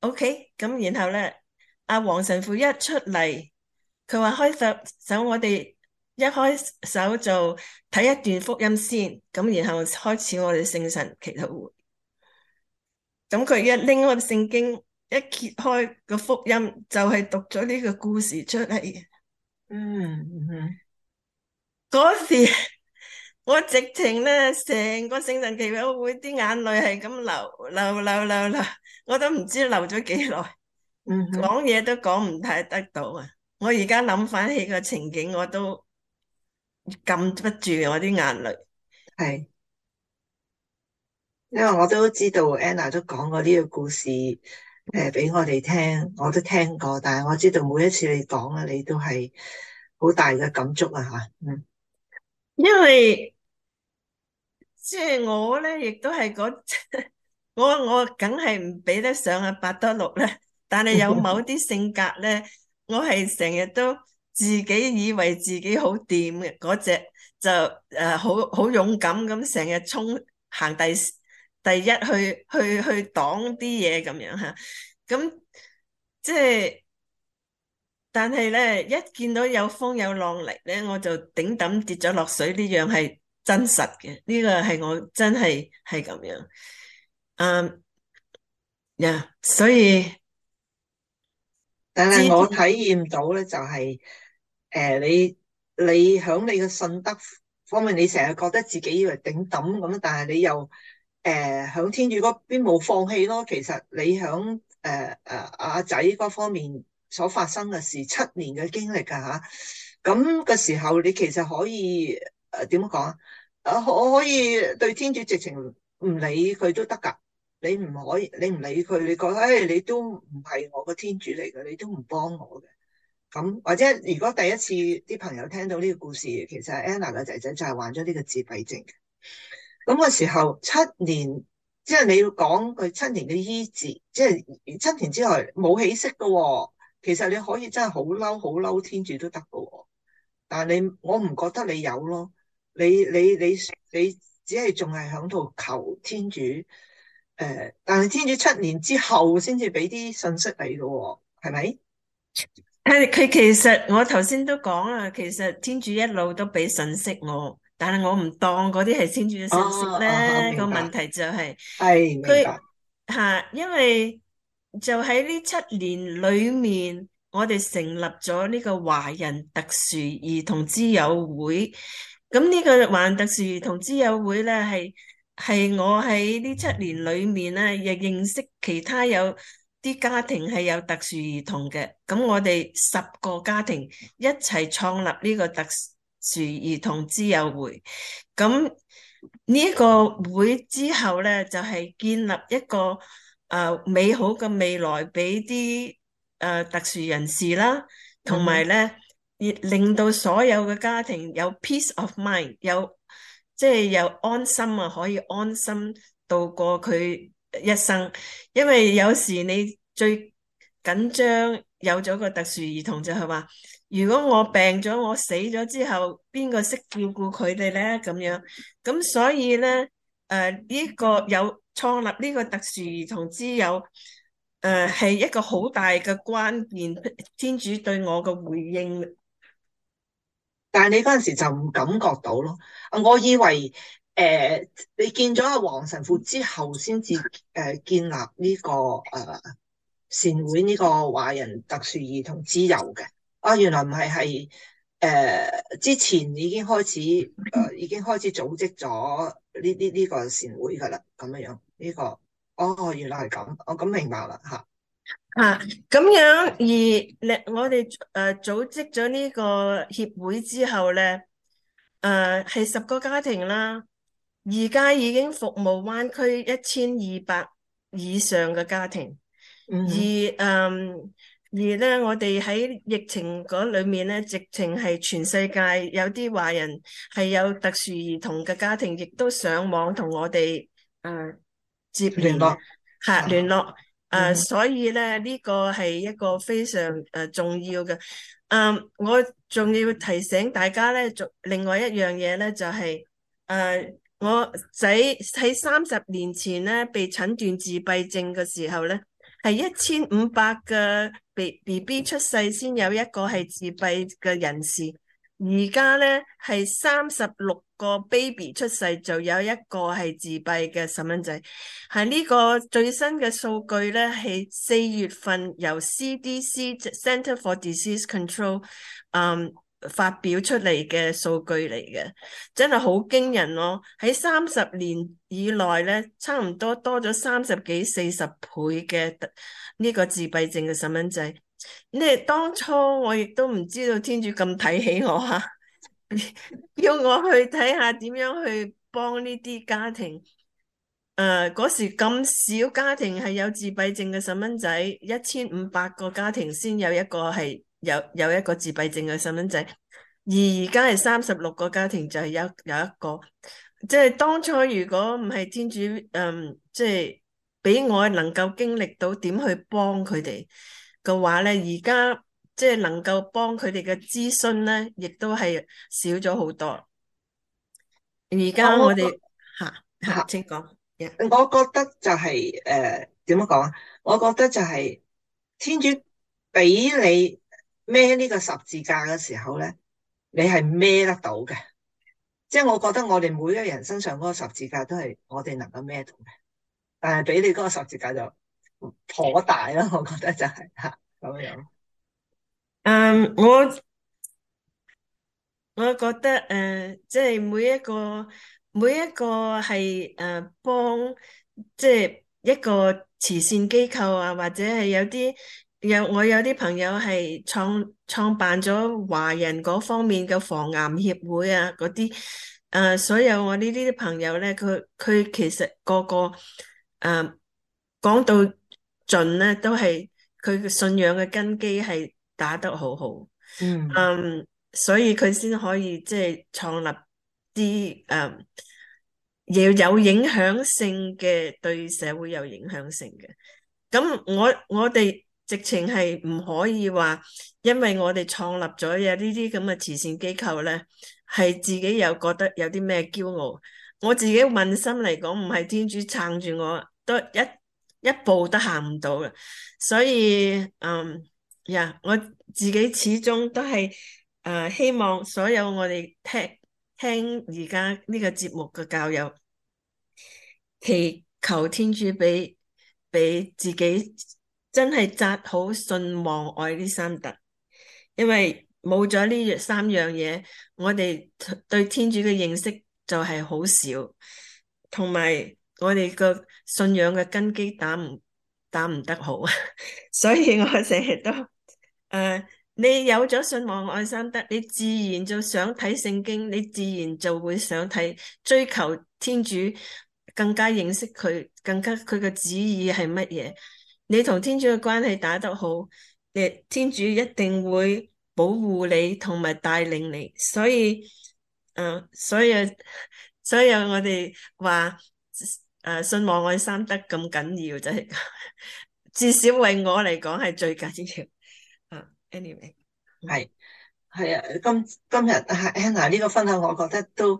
D: ，OK，咁然後咧阿黃神父一出嚟，佢話開手我哋一開手就睇一段福音先，咁然後開始我哋聖神祈禱會。咁佢一拎開聖經，一揭開個福音，就係讀咗呢個故事出嚟。嗯，嗰時我直情咧，成個聖神祈禱會啲眼淚係咁流、流、流、流、流，我都唔知流咗幾耐。嗯，講嘢都講唔太得到啊！我而家諗翻起個情景，我都禁不住我啲眼淚。係。
C: 因為我都知道 Anna 都講過呢個故事誒，俾我哋聽，我都聽過。但係我知道每一次你講咧，你都係好大嘅感觸啊吓。嗯，
D: 因為即係我咧，亦都係嗰隻，我我梗係唔比得上阿八多六啦。但係有某啲性格咧，我係成日都自己以為自己好掂嘅嗰隻，就誒好好勇敢咁，成日衝行第。第一去去去擋啲嘢，咁樣吓，咁即係，但係咧一見到有風有浪嚟咧，我就頂抌跌咗落水，呢樣係真實嘅，呢個係我真係係咁樣。嗯，呀，所以，
C: 但係我體驗到咧就係，誒，你你響你嘅信德方面，你成日覺得自己以為頂抌咁，但係你又。誒，響、呃、天主嗰邊冇放棄咯。其實你響誒誒阿仔嗰方面所發生嘅事，七年嘅經歷噶吓，咁、啊、嘅時候你其實可以誒點講啊？我可以對天主直情唔理佢都得噶。你唔可以，你唔理佢，你覺得誒你都唔係我個天主嚟噶，你都唔幫我嘅。咁、啊、或者如果第一次啲朋友聽到呢個故事，其實 Anna 個仔仔就係患咗呢個自閉症嘅。咁個時候七年，即係你要講佢七年嘅醫治，即係七年之外冇起色噶、哦。其實你可以真係好嬲，好嬲天主都得噶。但係你我唔覺得你有咯，你你你你只係仲係響度求天主。誒、呃，但係天主七年之後先至俾啲信息你噶、哦，係咪？係佢其實
D: 我頭先都講啦，其實天主一路都俾信息我。但係我唔當嗰啲係新傳嘅消息咧，個問題就係，佢吓，因為就喺呢七年裏面，我哋成立咗呢個華人特殊兒童之友會。咁呢個華人特殊兒童之友會咧，係係我喺呢七年裏面咧，亦認識其他有啲家庭係有特殊兒童嘅。咁我哋十個家庭一齊創立呢個特。殊兒童之友會，咁呢個會之後呢，就係、是、建立一個誒、呃、美好嘅未來俾啲誒特殊人士啦，同埋呢，亦令到所有嘅家庭有 peace of mind，有即係、就是、有安心啊，可以安心度過佢一生。因為有時你最緊張有咗個特殊兒童就係話。如果我病咗，我死咗之後，邊個識照顧佢哋咧？咁樣，咁所以咧，誒、呃、呢、這個有創立呢個特殊兒童之友，誒、呃、係一個好大嘅關鍵。天主對我嘅回應，
C: 但係你嗰陣時就唔感覺到咯。我以為誒、呃、你見咗阿黃神父之後，先至誒建立呢、這個誒、呃、善會呢個華人特殊兒童之友嘅。啊，原來唔係係，誒、呃，之前已經開始，誒、呃，已經開始組織咗呢呢呢個善會噶啦，咁樣呢、這個，哦，原來係咁，我咁明白啦，吓，
D: 啊，
C: 咁樣而你
D: 我哋誒組織咗呢個協會之後咧，誒、呃、係十個家庭啦，而家已經服務灣區一千二百以上嘅家庭，嗯哼而嗯。而咧，我哋喺疫情嗰裏面咧，直情係全世界有啲華人係有特殊兒童嘅家庭，亦都上網同我哋誒、呃、接聯絡，吓聯絡。誒、嗯，所以咧呢、這個係一個非常誒重要嘅。誒、呃，我仲要提醒大家咧，仲另外一樣嘢咧就係、是、誒、呃，我仔喺三十年前咧被診斷自閉症嘅時候咧。係一千五百個 B B 出世先有一個係自閉嘅人士，而家咧，係三十六個 baby 出世就有一個係自閉嘅細蚊仔。喺呢個最新嘅數據咧，係四月份由 CDC Center for Disease Control，嗯、um，發表出嚟嘅數據嚟嘅，真係好驚人咯、哦！喺三十年以內咧，差唔多多咗三十幾四十倍嘅呢個自閉症嘅細蚊仔。你啊，當初我亦都唔知道天主咁睇起我吓、啊， 要我去睇下點樣去幫呢啲家庭。誒、呃，嗰時咁少家庭係有自閉症嘅細蚊仔，一千五百個家庭先有一個係。有有一個自閉症嘅細蚊仔，而而家係三十六個家庭，就係、是、有有一個。即、就、係、是、當初如果唔係天主，嗯，即係俾我能夠經歷到點去幫佢哋嘅話咧，而家即係能夠幫佢哋嘅諮詢咧，亦都係少咗好多。而家我哋吓，嚇，請講。我覺得就
C: 係誒點樣講啊？我覺得就係天主俾你，孭呢個十字架嘅時候咧，你係孭得到嘅，即係我覺得我哋每一個人身上嗰個十字架都係我哋能夠孭到嘅，但係俾你嗰個十字架就頗大咯，我覺得就係嚇咁樣。的嗯，我
D: 我覺得誒，即係每一個每一個係誒幫，即係一個慈善機構啊，或者係有啲。有我有啲朋友係創創辦咗華人嗰方面嘅防癌協會啊，嗰啲誒，所有我呢啲朋友咧，佢佢其實個個誒講、呃、到盡咧，都係佢嘅信仰嘅根基係打得好好，嗯、呃，所以佢先可以即係創立啲誒、呃，要有影響性嘅對社會有影響性嘅，咁我我哋。直情係唔可以話，因為我哋創立咗嘅呢啲咁嘅慈善機構咧，係自己又覺得有啲咩驕傲。我自己問心嚟講，唔係天主撐住我，都一一步都行唔到嘅。所以，嗯，呀、yeah，我自己始終都係誒、呃，希望所有我哋聽聽而家呢個節目嘅教友祈求天主俾俾自己。真係紮好信望愛呢三德，因為冇咗呢三樣嘢，我哋對天主嘅認識就係好少，同埋我哋個信仰嘅根基打唔打唔得好。 所以我成日都誒、呃，你有咗信望愛三德，你自然就想睇聖經，你自然就會想睇，追求天主更加認識佢，更加佢嘅旨意係乜嘢。你同天主嘅關係打得好，誒，天主一定會保護你同埋帶領你，所以，誒、呃，所以，所以我哋話誒，信望愛三德咁緊要，就係、是、至少為我嚟講係最緊要。嗯，Anyway，係
C: 係啊，今今日阿 Anna 呢個分享，我覺得都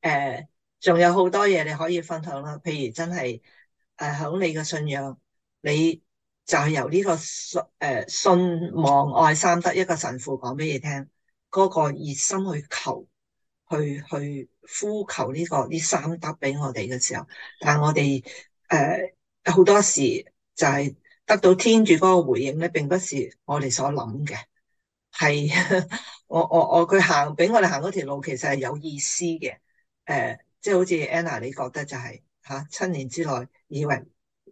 C: 誒，仲、呃、有好多嘢你可以分享啦。譬如真係誒，響、呃、你嘅信仰。你就係由呢個信誒信望愛三德一個神父講俾你聽，嗰個熱心去求，去去呼求呢個呢三德俾我哋嘅時候，但係我哋誒好多時就係得到天主嗰個回應咧，並不是我哋所諗嘅，係 我我我佢行俾我哋行嗰條路，其實係有意思嘅，誒，即係好似 Anna 你覺得就係吓七年之內以為。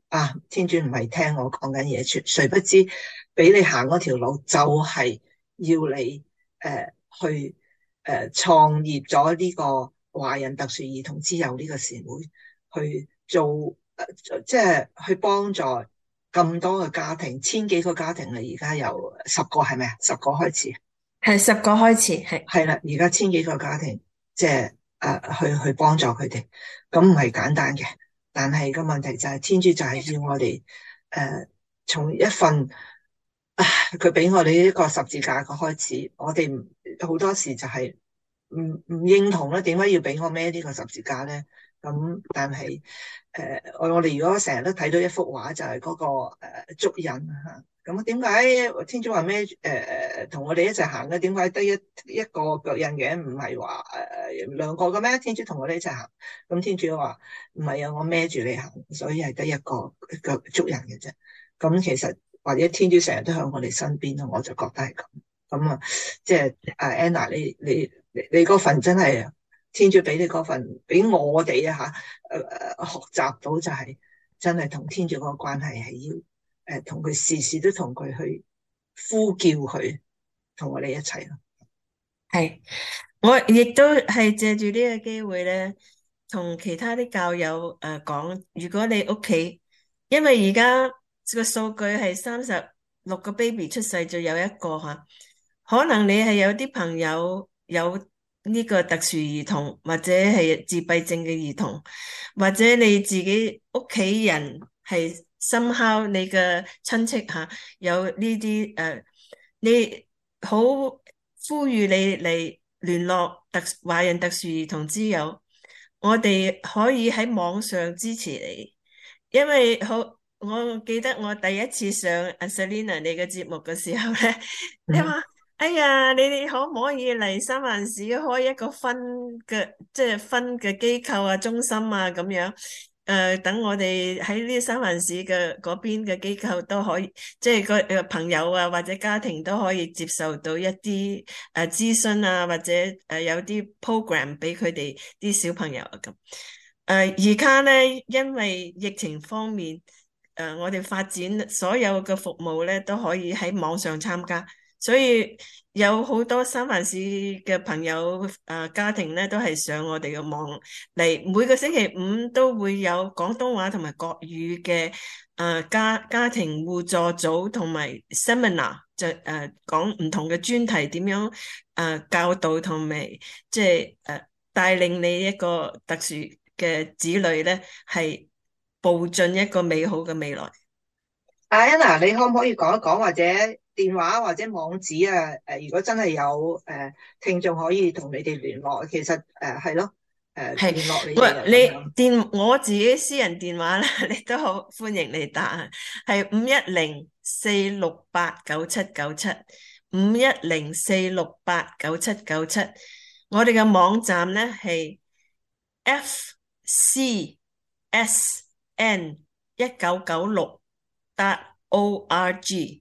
C: 啊！天主唔係聽我講緊嘢，全誰不知俾你行嗰條路，就係要你誒、呃、去誒創、呃、業咗呢個華人特殊兒童之友呢個事會去做，呃、即係去幫助咁多嘅家庭，千幾個家庭啦，而家由十個係咪啊？十個開始係十個開始係係啦，而家千幾個家庭，即係誒、呃、去去幫助佢哋，咁唔係簡單嘅。但係個問題就係、是，天主就係要我哋，誒、呃，從一份，佢、啊、俾我哋呢個十字架個開始，我哋好多時就係唔唔認同啦，點解要俾我孭呢個十字架咧？咁但係，誒、呃，我我哋如果成日都睇到一幅畫、那個，就係嗰個誒足印吓。咁啊？點解天主話孭誒同我哋一齊行嘅？點解得一一個腳印嘅？唔係話誒兩個嘅咩？天主同我哋一齊行，咁、嗯、天主話唔係啊，我孭住你行，所以係得一個腳捉人嘅啫。咁、嗯、其實或者天主成日都喺我哋身邊咯，我就覺得係咁。咁、嗯、啊，即係阿 Anna，你你你嗰份真係天主俾你嗰份，俾我哋一下誒學習到就係、是、真係同天主嗰個關係係要。誒，同佢時時都同佢去呼叫佢，同我哋一齊咯。
D: 係，我亦都係借住呢個機會咧，同其他啲教友誒講，如果你屋企，因為而家個數據係三十六個 baby 出世就有一個嚇，可能你係有啲朋友有呢個特殊兒童，或者係自閉症嘅兒童，或者你自己屋企人係。深好你嘅親戚吓有呢啲誒，你好呼籲你嚟聯絡特華人特殊兒童之友，我哋可以喺網上支持你，因為好我記得我第一次上阿 Selina 你嘅節目嘅時候咧，mm hmm. 你話哎呀，你哋可唔可以嚟三藩市開一個分嘅即係分嘅機構啊中心啊咁樣？誒，等我哋喺呢三藩市嘅嗰邊嘅機構都可以，即係個朋友啊，或者家庭都可以接受到一啲誒諮詢啊，或者誒有啲 program 俾佢哋啲小朋友啊咁。誒，而家咧因為疫情方面，誒我哋發展所有嘅服務咧都可以喺網上參加。所以有好多三藩市嘅朋友，誒、啊、家庭咧，都係上我哋嘅網嚟。每個星期五都會有廣東話同埋國語嘅誒、啊、家家庭互助組 seminar、啊、同埋 seminar，就誒講唔同嘅專題，點樣誒教導同埋即係誒帶領你一個特殊嘅子女咧，係步進一個美好嘅未來。
C: 阿 Anna，你可唔可以講一講或者？電話或者網址啊，誒，如果真係有誒、呃、聽眾可以同你哋聯絡，其實誒係咯，誒聯
D: 絡你。喂你電我自己私人電話啦，你都好，歡迎你打，係五一零四六八九七九七，五一零四六八九七九七。97 97, 97 97, 我哋嘅網站咧係 fcsn 一九九六 dot org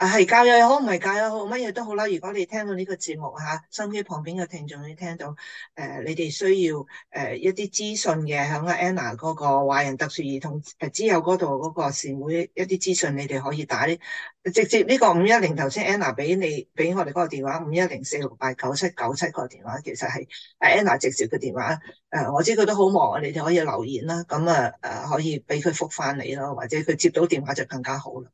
C: 啊，係教又好唔係教又好，乜嘢都好啦。如果你聽到呢個節目吓，甚至旁邊嘅聽眾你聽到，誒、呃，你哋需要誒、呃、一啲資訊嘅，響阿 Anna 嗰個華人特殊兒童誒，之友嗰度嗰個善會一啲資訊，你哋可以打直接呢個五一零頭先，Anna 俾你俾我哋嗰個電話，五一零四六八九七九七嗰個電話，其實係誒 Anna 直接嘅電話。誒、呃，我知佢都好忙，你哋可以留言啦。咁啊誒，可以俾佢覆翻你咯，或者佢接到電話就更加好啦。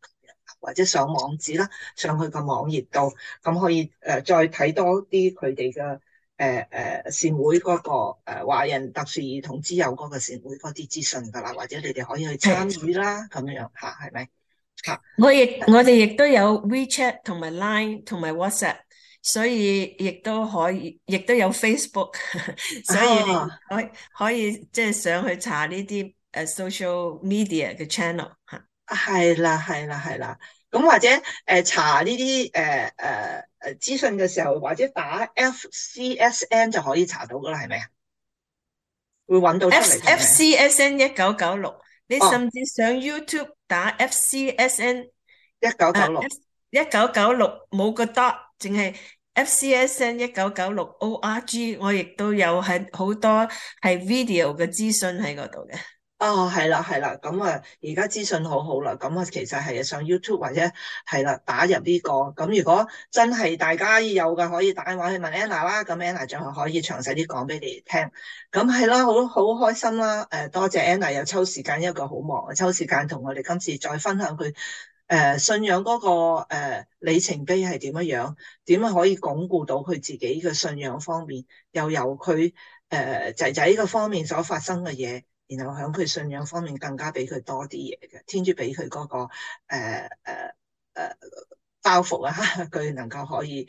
C: 或者上網址啦，上去個網頁度，咁可以誒再睇多啲佢哋嘅誒誒善會嗰個誒、呃、華人特殊兒童之友嗰個善會嗰啲資訊㗎啦，或者你哋可以去參與啦，咁的樣嚇係咪嚇？
D: 我亦我哋亦都有 WeChat 同埋 Line 同埋 WhatsApp，所以亦都可以，亦都有 Facebook， 所以可可以即係、啊、上去查呢啲誒 social media
C: 嘅 channel 嚇。係啦係啦係啦。咁、嗯、或者誒、呃、查呢啲誒誒誒資訊嘅時
D: 候，或者打 FCSN 就可以查到㗎喇，係咪啊？會揾到出嚟。FCSN 一九九六，96，你甚至上 YouTube 打 FCSN、oh, uh, 一九九六一九九六冇個 dot，淨係 FCSN 一九九六 ORG，我亦都有係好多係 video 嘅資訊喺嗰度嘅。
C: 哦，係啦，係啦，咁啊，而家資訊好好啦，咁啊，其實係上 YouTube 或者係啦，打入呢個，咁如果真係大家有嘅，可以打電話去問 Anna 啦，咁 Anna 就係可以詳細啲講俾你聽，咁係咯，好好開心啦，誒，多謝 Anna 又抽時間一個好忙抽時間同我哋今次再分享佢誒信仰嗰個誒里程碑係點樣樣，點樣可以鞏固到佢自己嘅信仰方面，又由佢誒仔仔嘅方面所發生嘅嘢。然後喺佢信仰方面更加俾佢多啲嘢嘅，天主俾佢嗰個誒誒、呃呃、包袱啊，佢能夠可以誒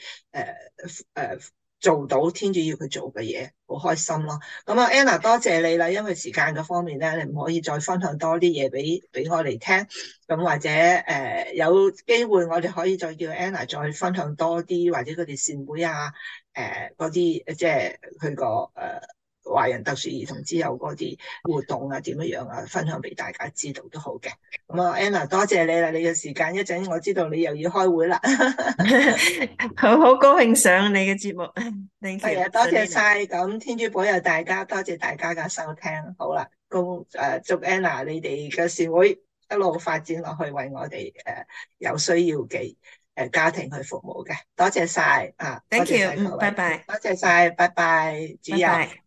C: 誒、呃呃、做到天主要佢做嘅嘢，好開心咯。咁、嗯、啊，Anna 多謝你啦，因為時間嘅方面咧，你唔可以再分享多啲嘢俾俾我嚟聽。咁、嗯、或者誒、呃、有機會我哋可以再叫 Anna 再分享多啲，或者佢哋善會啊誒嗰啲即係佢個誒。呃華人特殊兒童之友嗰啲活動啊，點樣樣啊，分享俾大家知道都好嘅。咁啊，Anna，多謝你啦，你嘅時間一陣，我知道你又要開會啦。 好好高興上你嘅節目 t h 多謝晒！咁 Thank you. 天主保佑大家，多謝大家嘅收聽。好啦，恭誒祝 Anna 你哋嘅善會一路發展落去，為我哋誒有需要嘅誒家庭去服務嘅。多謝晒啊，Thank you，拜拜，多謝晒！拜拜，主任持人。